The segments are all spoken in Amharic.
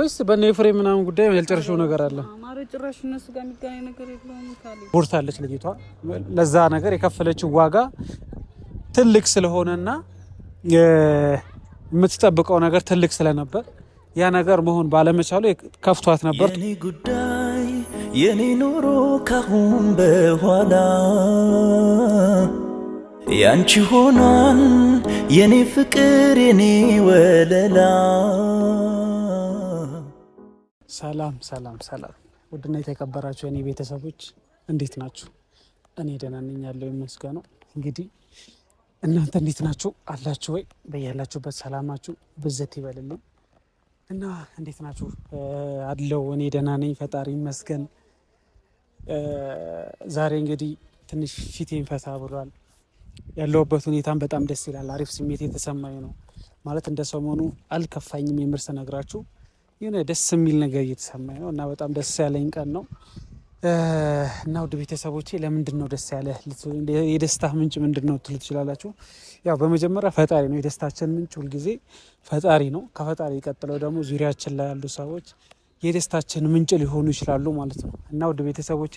ወይስ በእነ ኤፍሬም ምናምን ጉዳይ ያልጨረሽው ነገር አለ? ቦርታለች ልጅቷ። ለዛ ነገር የከፈለችው ዋጋ ትልቅ ስለሆነና የምትጠብቀው ነገር ትልቅ ስለነበር ያ ነገር መሆን ባለመቻሉ ከፍቷት ነበር። የኔ ጉዳይ የኔ ኑሮ ካሁን በኋላ ያንቺ ሆኗን የኔ ፍቅር የኔ ወለላ ሰላም ሰላም ሰላም፣ ውድና የተከበራችሁ የኔ ቤተሰቦች እንዴት ናችሁ? እኔ ደህና ነኝ፣ ያለው ይመስገነው። እንግዲህ እናንተ እንዴት ናችሁ? አላችሁ ወይ? በያላችሁበት ሰላማችሁ ብዘት ይበልልኝ እና እንዴት ናችሁ? አለው እኔ ደህና ነኝ፣ ፈጣሪ ይመስገን። ዛሬ እንግዲህ ትንሽ ፊቴን ፈታ ብሏል። ያለውበት ሁኔታም በጣም ደስ ይላል። አሪፍ ስሜት የተሰማኝ ነው ማለት እንደ ሰሞኑ አልከፋኝም። የምርስ ነግራችሁ የሆነ ደስ የሚል ነገር እየተሰማ ነው እና በጣም ደስ ያለኝ ቀን ነው እና ውድ ቤተሰቦቼ ለምንድን ነው ደስ ያለ የደስታ ምንጭ ምንድን ነው ትሉ ትችላላችሁ። ያው በመጀመሪያ ፈጣሪ ነው የደስታችን ምንጭ፣ ሁልጊዜ ፈጣሪ ነው። ከፈጣሪ ቀጥለው ደግሞ ዙሪያችን ላይ ያሉ ሰዎች የደስታችን ምንጭ ሊሆኑ ይችላሉ ማለት ነው እና ውድ ቤተሰቦቼ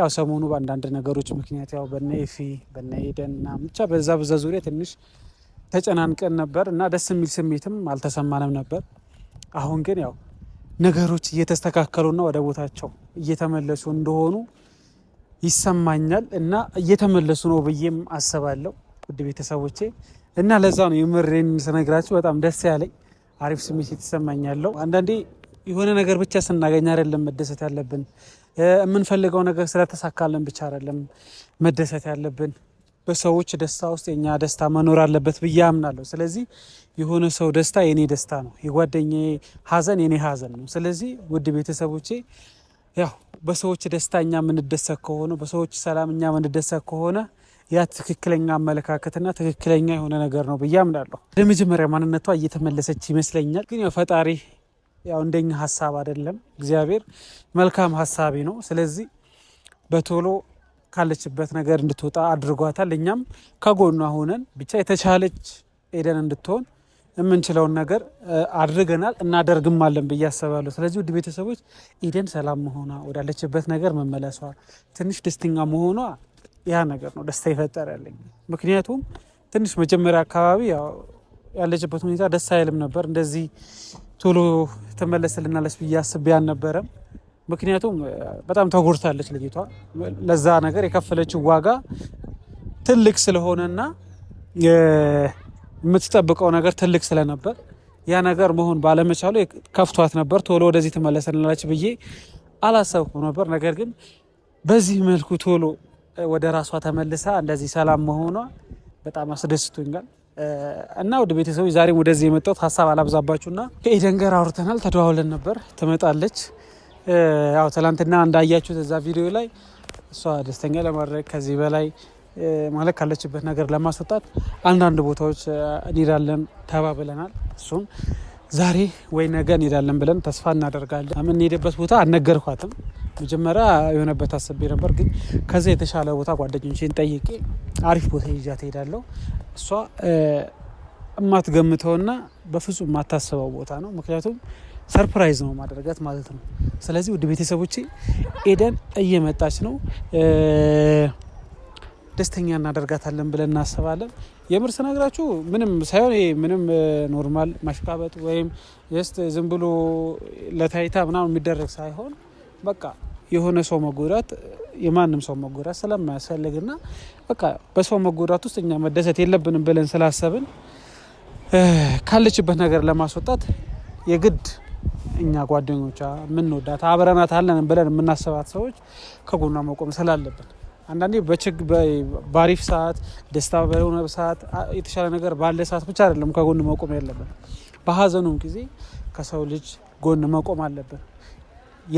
ያው ሰሞኑ በአንዳንድ ነገሮች ምክንያት ያው በነ ኤፊ በነ ኤደን እና ብቻ በዛ በዛ ዙሪያ ትንሽ ተጨናንቀን ነበር እና ደስ የሚል ስሜትም አልተሰማንም ነበር አሁን ግን ያው ነገሮች እየተስተካከሉና ወደ ቦታቸው እየተመለሱ እንደሆኑ ይሰማኛል እና እየተመለሱ ነው ብዬም አስባለሁ ውድ ቤተሰቦቼ እና ለዛ ነው የምሬን ስነግራችሁ በጣም ደስ ያለኝ አሪፍ ስሜት የተሰማኛለሁ። አንዳንዴ የሆነ ነገር ብቻ ስናገኝ አይደለም መደሰት ያለብን፣ የምንፈልገው ነገር ስለተሳካልን ብቻ አይደለም መደሰት ያለብን። በሰዎች ደስታ ውስጥ የኛ ደስታ መኖር አለበት ብዬ አምናለሁ። ስለዚህ የሆነ ሰው ደስታ የኔ ደስታ ነው፣ የጓደኛዬ ሀዘን የኔ ሀዘን ነው። ስለዚህ ውድ ቤተሰቦቼ ያው በሰዎች ደስታ እኛ የምንደሰት ከሆነ በሰዎች ሰላም እኛ የምንደሰት ከሆነ ያ ትክክለኛ አመለካከትና ትክክለኛ የሆነ ነገር ነው ብዬ አምናለሁ። ወደ መጀመሪያ ማንነቷ እየተመለሰች ይመስለኛል። ግን ያው ፈጣሪ ያው እንደኛ ሀሳብ አይደለም፣ እግዚአብሔር መልካም ሀሳቢ ነው። ስለዚህ በቶሎ ካለችበት ነገር እንድትወጣ አድርጓታል። እኛም ከጎኗ ሆነን ብቻ የተቻለች ኤደን እንድትሆን የምንችለውን ነገር አድርገናል እናደርግማለን ብዬ አስባለሁ። ስለዚህ ውድ ቤተሰቦች ኤደን ሰላም መሆኗ ወዳለችበት ነገር መመለሷ ትንሽ ደስተኛ መሆኗ ያ ነገር ነው ደስታ ይፈጠራልኝ። ምክንያቱም ትንሽ መጀመሪያ አካባቢ ያለችበት ሁኔታ ደስ አይልም ነበር። እንደዚህ ቶሎ ትመለስልናለች ብዬ አስቤ አልነበረም። ምክንያቱም በጣም ተጎድታለች ልጅቷ። ለዛ ነገር የከፈለችው ዋጋ ትልቅ ስለሆነና የምትጠብቀው ነገር ትልቅ ስለነበር ያ ነገር መሆን ባለመቻሉ ከፍቷት ነበር። ቶሎ ወደዚህ ትመለሰላች ብዬ አላሰብኩም ነበር። ነገር ግን በዚህ መልኩ ቶሎ ወደ ራሷ ተመልሳ እንደዚህ ሰላም መሆኗ በጣም አስደስቶኛል። እና ወደ ቤተሰቦች ዛሬም ወደዚህ የመጣሁት ሀሳብ አላብዛባችሁና ከኤደን ጋር አውርተናል፣ ተደዋውለን ነበር። ትመጣለች ያው ትላንትና እንዳያችሁት እዛ ቪዲዮ ላይ እሷ ደስተኛ ለማድረግ ከዚህ በላይ ማለት ካለችበት ነገር ለማስወጣት አንዳንድ ቦታዎች እንሄዳለን ተባብለናል። እሱም ዛሬ ወይ ነገ እንሄዳለን ብለን ተስፋ እናደርጋለን። የምንሄድበት ቦታ አልነገርኳትም። መጀመሪያ የሆነበት አስቤ ነበር፣ ግን ከዛ የተሻለ ቦታ ጓደኞችን ጠይቄ አሪፍ ቦታ ይዣ ትሄዳለሁ። እሷ የማትገምተውና በፍጹም የማታስበው ቦታ ነው። ምክንያቱም ሰርፕራይዝ ነው ማድረጋት ማለት ነው። ስለዚህ ውድ ቤተሰቦቼ ኤደን እየመጣች ነው፣ ደስተኛ እናደርጋታለን ብለን እናስባለን። የምር ስነግራችሁ ምንም ሳይሆን ይ ምንም ኖርማል ማሽቃበጥ ወይም ስ ዝም ብሎ ለታይታ ምናምን የሚደረግ ሳይሆን በቃ የሆነ ሰው መጎዳት የማንም ሰው መጎዳት ስለማያስፈልግና በቃ በሰው መጎዳት ውስጥ እኛ መደሰት የለብንም ብለን ስላሰብን ካለችበት ነገር ለማስወጣት የግድ እኛ ጓደኞቿ የምንወዳት አብረናት አለን ብለን የምናስባት ሰዎች ከጎኗ መቆም ስላለብን አንዳንዴ በችግ ባሪፍ ሰዓት ደስታ በሆነ ሰዓት የተሻለ ነገር ባለ ሰዓት ብቻ አይደለም ከጎን መቆም ያለብን። በሀዘኑም ጊዜ ከሰው ልጅ ጎን መቆም አለብን።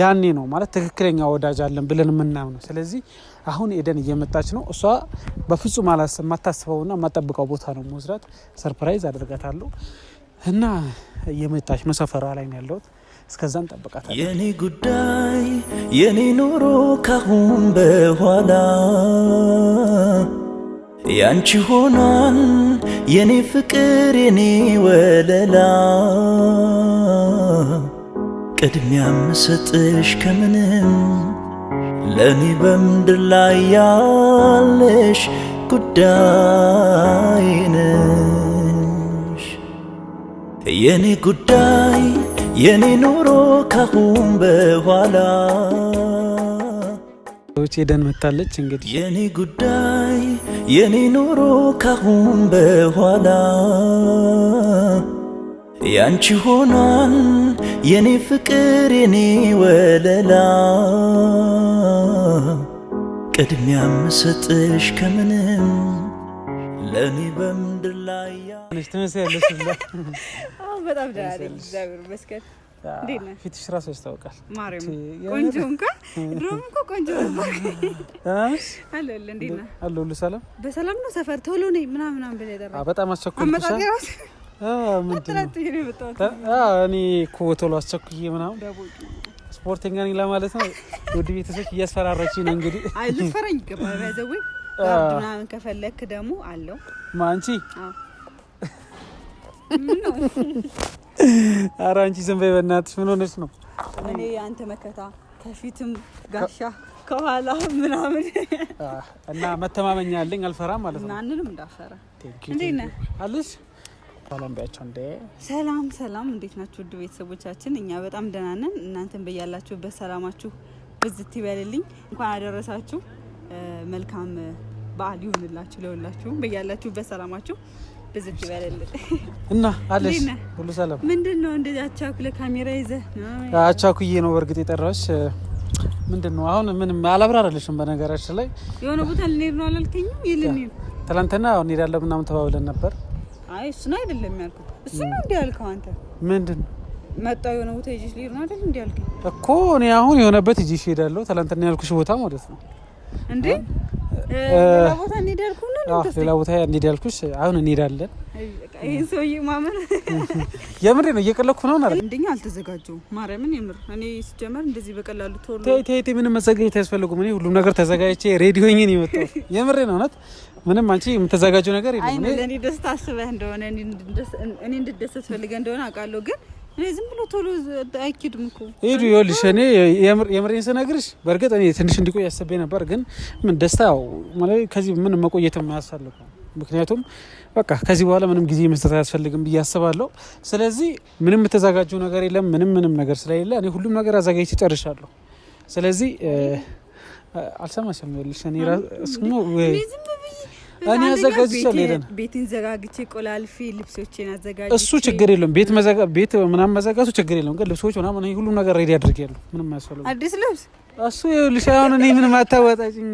ያኔ ነው ማለት ትክክለኛ ወዳጅ አለን ብለን የምናምነው። ስለዚህ አሁን ኤደን እየመጣች ነው። እሷ በፍጹም አላስ የማታስበውና የማጠብቀው ቦታ ነው መስራት። ሰርፕራይዝ አድርጋታለሁ እና እየመጣች ነው። ሰፈሯ ላይ ነው ያለሁት። እስከዛም ጠብቃታለሁ። የኔ ጉዳይ የኔ ኑሮ ካሁን በኋላ ያንቺ ሆኗን የኔ ፍቅር የኔ ወለላ ቅድሚያ ምሰጥሽ ከምንም ለእኔ በምድር ላይ ያለሽ ጉዳይ ነሽ የኔ ጉዳይ የኔ ኑሮ ካሁን በኋላ ሰዎች ሄደን መታለች። እንግዲህ የኔ ጉዳይ የኔ ኑሮ ካሁን በኋላ ያንቺ ሆኗል የኔ ፍቅር የኔ ወለላ ቅድሚያ ምሰጥሽ ከምንም ለእኔ በም ምድር ላይ ትመስያለሽ። በጣም ደህና ነኝ እግዚአብሔር ይመስገን። ፊትሽ ራሱ ያስታውቃል። ቆንጆ ድሮም እኮ ቆንጆ ሰላም በሰላም ነው። ሰፈር ቶሎ ነኝ ምናምን ብለህ የጠራኸኝ በጣም ቶሎ አስቸኩዬ ምናምን ስፖርተኛ ነኝ ለማለት ነው። ውድ ቤተሰብ እያስፈራራችኝ ነው እንግዲህ ምናምን ከፈለክ ደግሞ አለው ማንቺ ኧረ አንቺ ዝም በይ በእናትሽ ምን ሆነች ነው እኔ የአንተ መከታ ከፊትም ጋሻ ከኋላ ምናምን እና መተማመኛ አለኝ አልፈራም ማለት ነው ማንንም እንዳፈራ አለሽ ሰላም ቢያቸው እንደ ሰላም ሰላም እንዴት ናችሁ ውድ ቤተሰቦቻችን እኛ በጣም ደህና ነን እናንተን በያላችሁበት ሰላማችሁ ብዝት ይበልልኝ እንኳን አደረሳችሁ መልካም በዓል ይሁንላችሁ። ለሁላችሁም በያላችሁበት ሰላማችሁ ብዙት ይበልልን እና አለሽ ሁሉ ሰላም። ምንድን ነው እንደዚህ አቻኩለ ካሜራ ይዘ አቻኩዬ ነው በእርግጥ የጠራሽ ምንድን ነው አሁን ምንም አላብራራልሽም። በነገራችን ላይ የሆነ ቦታ ልንሄድ ነው አላልከኝም? ይልንሄድ ትላንትና አሁን እንሄዳለን ምናምን ተባብለን ነበር። አይ እሱን አይደለም ያልኩት። እሱ ነው እንዲ ያልከው አንተ ምንድን መጣ የሆነ ቦታ ይዤሽ ልሄድ ነው አይደል? እንዲ ያልከኝ እኮ እኔ አሁን የሆነበት ይዤሽ እሄዳለሁ። ትላንትና ያልኩሽ ቦታ ማለት ነው እንዴ ሌላ ቦታ እንሄዳልኩ ሌላ አሁን እንሄዳለን። ይህን ሰውዬ ማመን የምር ነው። እየቀለኩ ነው ነ እንደኛ አልተዘጋጀው ማርያምን የምር እኔ ሲጀመር እንደዚህ በቀላሉ ቶሎ ምንም መዘጋጀት አያስፈልጉም። እኔ ሁሉም ነገር ተዘጋጅቼ ሬዲዮ ኝን የመጣው የምሬ ነው እውነት ምንም አንቺ የምተዘጋጀው ነገር የለም። ለእኔ ደስታ አስበህ እንደሆነ እኔ እንድደሰት ፈልገህ እንደሆነ አውቃለሁ ግን ዝም ብሎ ቶሎ አይኬድም እኮ ሂዱ። ይኸውልሽ እኔ የምሬን ስነግርሽ በእርግጥ እኔ ትንሽ እንዲቆይ ያሰቤ ነበር፣ ግን ምን ደስታ ከዚህ ምን መቆየትም አያሳልፈው። ምክንያቱም በቃ ከዚህ በኋላ ምንም ጊዜ መስጠት አያስፈልግም ብዬ አስባለሁ። ስለዚህ ምንም የምተዘጋጀው ነገር የለም፣ ምንም ምንም ነገር ስለሌለ እኔ ሁሉም ነገር አዘጋጅቼ ጨርሻለሁ። ስለዚህ አልሰማሽም? ይኸውልሽ እኔ ራስ እኔ አዘጋጅቻለሁ። ሄደን ቤትን ዘጋግቼ ቆላልፌ ልብሶችን አዘጋጅ። እሱ ችግር የለም። ቤት ቤት ምናምን መዘጋቱ ችግር የለም፣ ግን ልብሶች ምናምን ሁሉም ነገር ሬዲ አድርጌያለሁ። ምንም አያስፈልግም። አዲስ ልብስ እሱ ልሽ አሁን እኔ ምንም አታወጣችኝ።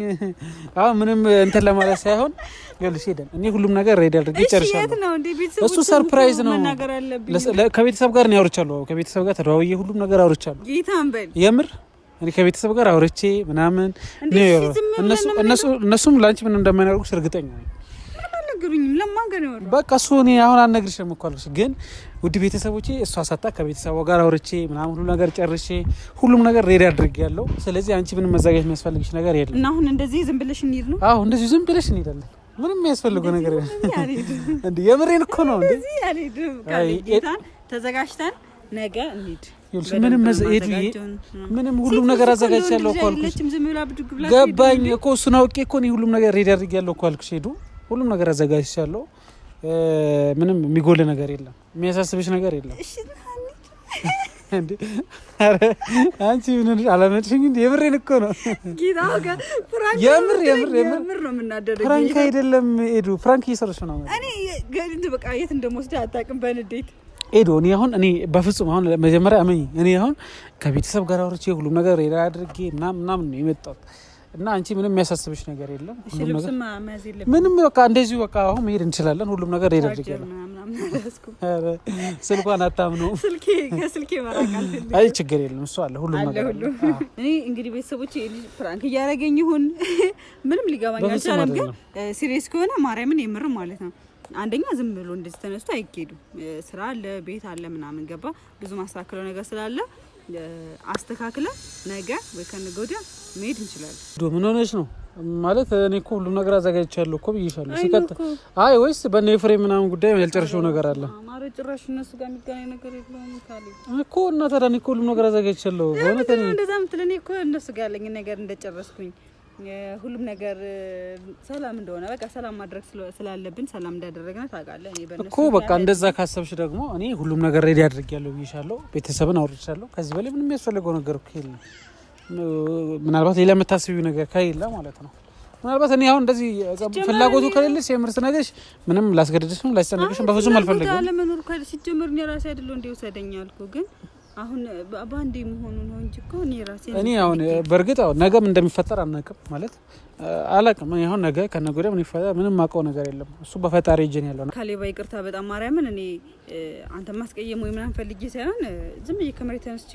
አሁን ምንም እንትን ለማለት ሳይሆን ልሽ ሄደን እኔ ሁሉም ነገር ሬዲ አድርጌ ጨርሻለሁ። እሱ ሰርፕራይዝ ነው። ከቤተሰብ ጋር ነው ያወርቻለሁ። ከቤተሰብ ጋር ተደዋውዬ ሁሉም ነገር አውርቻለሁ። የምር እኔ ከቤተሰብ ጋር አውርቼ ምናምን እነሱም ለአንቺ ምንም እንደማይናደርጉሽ እርግጠኛ ነኝ። በቃ እሱ እኔ አሁን አልነግርሽም እኮ አልኩሽ። ግን ውድ ቤተሰቦቼ እሷ ሳታ ከቤተሰቧ ጋር አውርቼ ምናምን ሁሉ ነገር ጨርሼ ሁሉም ነገር ሬዲ አድርጌ ያለው። ስለዚህ አንቺ ምንም መዘጋጀት የሚያስፈልግሽ ነገር የለም። እና አሁን እንደዚህ ዝም ብለሽ እንሂድ ነው? አዎ እንደዚህ ዝም ብለሽ እንሄዳለን። ምንም የሚያስፈልገው ነገር እንዴ! የምሬን እኮ ነው እንዴ! ተዘጋጅተን ነገ እንሂድ ምንም ኤዱዬ ምንም ሁሉም ነገር አዘጋጅቻለሁ እኮ አልኩሽ። ገባኝ እኮ እሱን አውቄ እኮ እኔ ሁሉም ነገር ሬዲ አድርጌያለሁ እኮ አልኩሽ። ሄዱ ሁሉም ነገር አዘጋጅቻለሁ። ምንም የሚጎል ነገር የለም። የሚያሳስብሽ ነገር የለም። አንቺ ምን አላመጥሽኝ? እንዲ የምሬን እኮ ነው። የምር የምር የምር ነው የምናደርገው። ፍራንክ አይደለም ኤዱ፣ ፍራንክ እየሰራሽ ነው። እኔ በቃ የት እንደምወስድህ አታውቅም በንዴት ኤዶ እኔ አሁን እኔ በፍጹም አሁን መጀመሪያ እመኝ እኔ አሁን ከቤተሰብ ጋር አውርቼ ሁሉም ነገር ሬዳ አድርጌ ምናምን ምናምን ነው የመጣሁት እና አንቺ ምንም የሚያሳስብሽ ነገር የለም። ምንም በቃ እንደዚሁ በቃ አሁን መሄድ እንችላለን። ሁሉም ነገር ሬዳ አድርጌ ነው። ስልኳን አታምነውም። አይ ችግር የለም እሱ አለ ሁሉም ነገር እኔ እንግዲህ ቤተሰቦች ፍራንክ እያደረገኝ ይሁን ምንም ሊገባኝ አልቻለም። ግን ሲሪየስ ከሆነ ማርያምን የምርም ማለት ነው አንደኛ ዝም ብሎ እንደዚህ ተነስቶ አይኬድም። ስራ አለ፣ ቤት አለ፣ ምናምን ገባ ብዙ ማስተካከለው ነገር ስላለ አስተካክለ ነገ ወይ ከነገ ወዲያ መሄድ እንችላለን። ምን ሆነች ነው ማለት እኔ እኮ ሁሉም ነገር አዘጋጅቻለሁ እኮ ብዬሻለሁ። ሲቀጥል አይ ወይስ በእነ ኤፍሬም ምናምን ጉዳይ ያልጨረሽው ነገር አለ ጭራሽ እነሱ ጋር የሚገናኝ ነገር የለውም እኮ እና ታዲያ እኔ እኮ ሁሉም ነገር አዘጋጅቻለሁ። በእውነት እኔ እንደዛ ምትል እኔ እኮ እነሱ ጋር ያለኝ ነገር እንደጨረስኩኝ ሁሉም ነገር ሰላም እንደሆነ በቃ ሰላም ማድረግ ስላለብን ሰላም እንዳደረግን ታውቃለህ እኮ። በቃ እንደዛ ካሰብሽ ደግሞ እኔ ሁሉም ነገር ሬዲ አድርጌያለሁ ብዬሻለሁ። ቤተሰብን አውርቻለሁ። ከዚህ በላይ ምንም የሚያስፈልገው ነገር የለም። ምናልባት ሌላ የምታስቢው ነገር ከሌለ ማለት ነው። ምናልባት እኔ አሁን እንደዚህ ፍላጎቱ ከሌለሽ የምርስ ነገሽ ምንም ላስገድድሽም ላስጨነቅሽም በፍጹም አልፈልግም። ሲጀምር እኔ ራሴ አይደለሁ እንዲወሰደኛል ግን አሁን በአንዴ መሆኑ ነው እንጂ እኔ አሁን በእርግጥ አሁን ነገም እንደሚፈጠር አናውቅም። ማለት አላውቅም። አሁን ነገ ከነገ ወዲያ ምን ይፈጠር ምንም የማውቀው ነገር የለም። እሱ በፈጣሪ እጅን ያለው ነው። ካሌባ ይቅርታ፣ በጣም ማርያምን። እኔ አንተ ማስቀየም ወይ ምናምን ፈልጌ ሳይሆን ዝም ብዬ ከመሬት ተነስቼ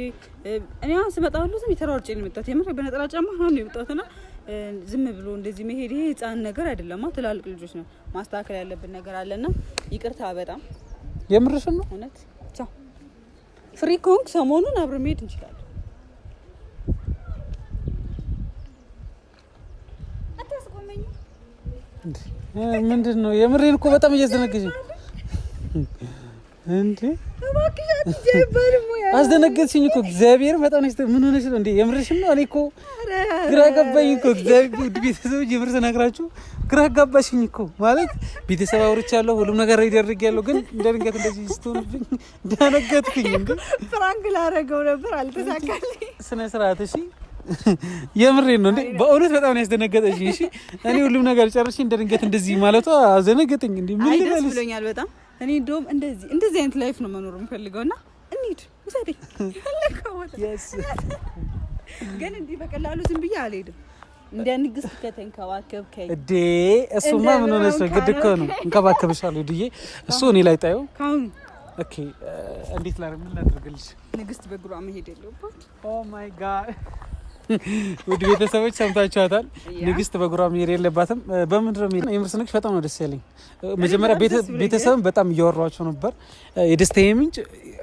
እኔ አሁን ስመጣ ሁሉ ዝም ተሯርጬ ነው የመጣሁት። የምር በነጠላ ጫማ ነው የመጣሁት እና ዝም ብሎ እንደዚህ መሄድ ይሄ ህፃን ነገር አይደለም። ትላልቅ ልጆች ነው ማስተካከል ያለብን ነገር አለና ይቅርታ በጣም የምርሽን ነው እውነት ፍሪ ከሆንክ ሰሞኑን አብረን መሄድ እንችላለን። ምንድን ነው? የምሬን እኮ በጣም እየዘነገኝ እንዴ አስደነገጥሽኝ እኮ እግዚአብሔር በጣም ምን ሆነሽ ነው እንዴ? የምርሽም ነው? እኔ እኮ ግራ ገባኝ እኮ እግዚአብሔር። ቤተሰቦች የምር ስነግራችሁ ግራ ገባሽኝ እኮ ማለት ቤተሰብ አውርቻለሁ፣ ሁሉም ነገር ይደርግ ያለው ግን እንደ ድንገት እንደዚህ ስትሆንብኝ እንዳነገጥኩኝ። ፍራንክ ላደረገው ነበር አልተሳካልኝ። ስነ ስርዓት እሺ የምሬን ነው እንዴ? በእውነት በጣም ያስደነገጠሽኝ። እሺ እኔ ሁሉም ነገር ጨርሼ እንደ ድንገት እንደዚህ ማለቷ አዘነገጠኝ። እንዴ ምን ልበልሽ? በጣም እኔ እንደውም እንደዚህ እንደዚህ አይነት ላይፍ ነው መኖር የምፈልገው እና እንሂድ ውሰደኝ ግን እንዲህ በቀላሉ ዝም ብዬ አልሄድም። እንደ ንግስት ከተንከባከብከኝ እዴ እሱማ ምን ሆነች ነው? ግድ እኮ ነው እንከባከብሻለሁ ድዬ እሱ እኔ ላይ ጣዩ ካሁን ኦኬ እንዴት ላደርግ ምን ላደርግልሽ? ንግስት በእግሯ መሄድ የለባት ኦ ማይ ጋድ ውድ ቤተሰቦች ሰምታችኋታል። ንግስት በጉራ መሄድ የለባትም። በምንድን ነው የሚሄድ? የምርስ በጣም ነው ደስ ያለኝ። መጀመሪያ ቤተሰብን በጣም እያወሯቸው ነበር። የደስታዬ ምንጭ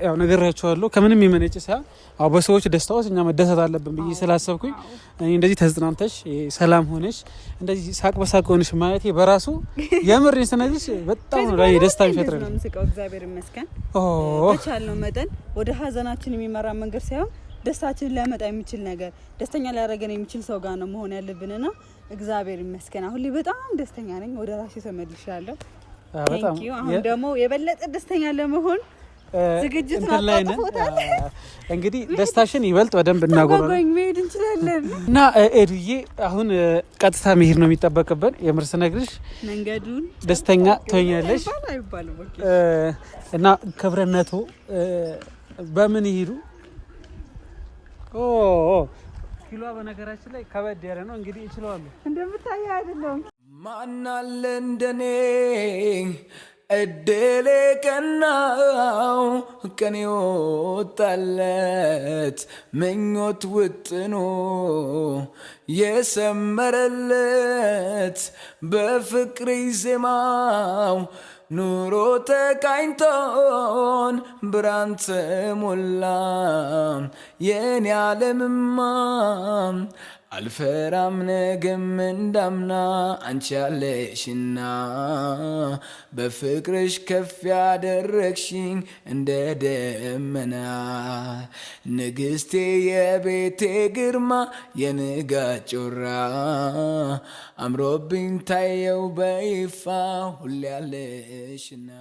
ያው ነግሬያቸዋለሁ፣ ከምንም የመነጭ ሳይሆን በሰዎች ደስታ ውስጥ እኛ መደሰት አለብን ብዬ ስላሰብኩኝ እንደዚህ ተዝናንተሽ ሰላም ሆነሽ እንደዚህ ሳቅ በሳቅ ሆነሽ ማየት በራሱ የምር ስነግርሽ በጣም ላይ ደስታ የሚፈጥር ነው። እግዚአብሔር ይመስገን። በቻልነው መጠን ወደ ሀዘናችን የሚመራ መንገድ ሳይሆን ደስታችን ሊያመጣ የሚችል ነገር ደስተኛ ሊያደርገን የሚችል ሰው ጋር ነው መሆን ያለብንና እግዚአብሔር ይመስገን አሁን ላይ በጣም ደስተኛ ነኝ። ወደ ራሴ ተመልሻለሁ። አሁን ደግሞ የበለጠ ደስተኛ ለመሆን ዝግጅት እንግዲህ ደስታሽን ይበልጥ በደንብ እናጎጓኝ መሄድ እንችላለን እና ኤዱዬ አሁን ቀጥታ መሄድ ነው የሚጠበቅብን። የምር ስነግርሽ መንገዱን ደስተኛ ትሆኛለሽ እና ክብርነቱ በምን ይሄዱ ኪሎ በነገራችን ላይ ከበድ ያለ ነው። እንግዲህ እችለዋለሁ እንደምታየ አይደለም። ማናለ እንደኔ እድሌ ቀናው ቀን የወጣለት ምኞት ውጥኖ የሰመረለት በፍቅር ዜማው Nu Nuro te kainton brantse mulla ale alemma አልፈራም ነገም እንዳምና አንቺ ያለሽና በፍቅርሽ ከፍ ያደረግሽኝ እንደ ደመና ንግስቴ የቤቴ ግርማ የንጋ ጮራ አምሮብኝ ታየው በይፋ ሁሌ ያለሽና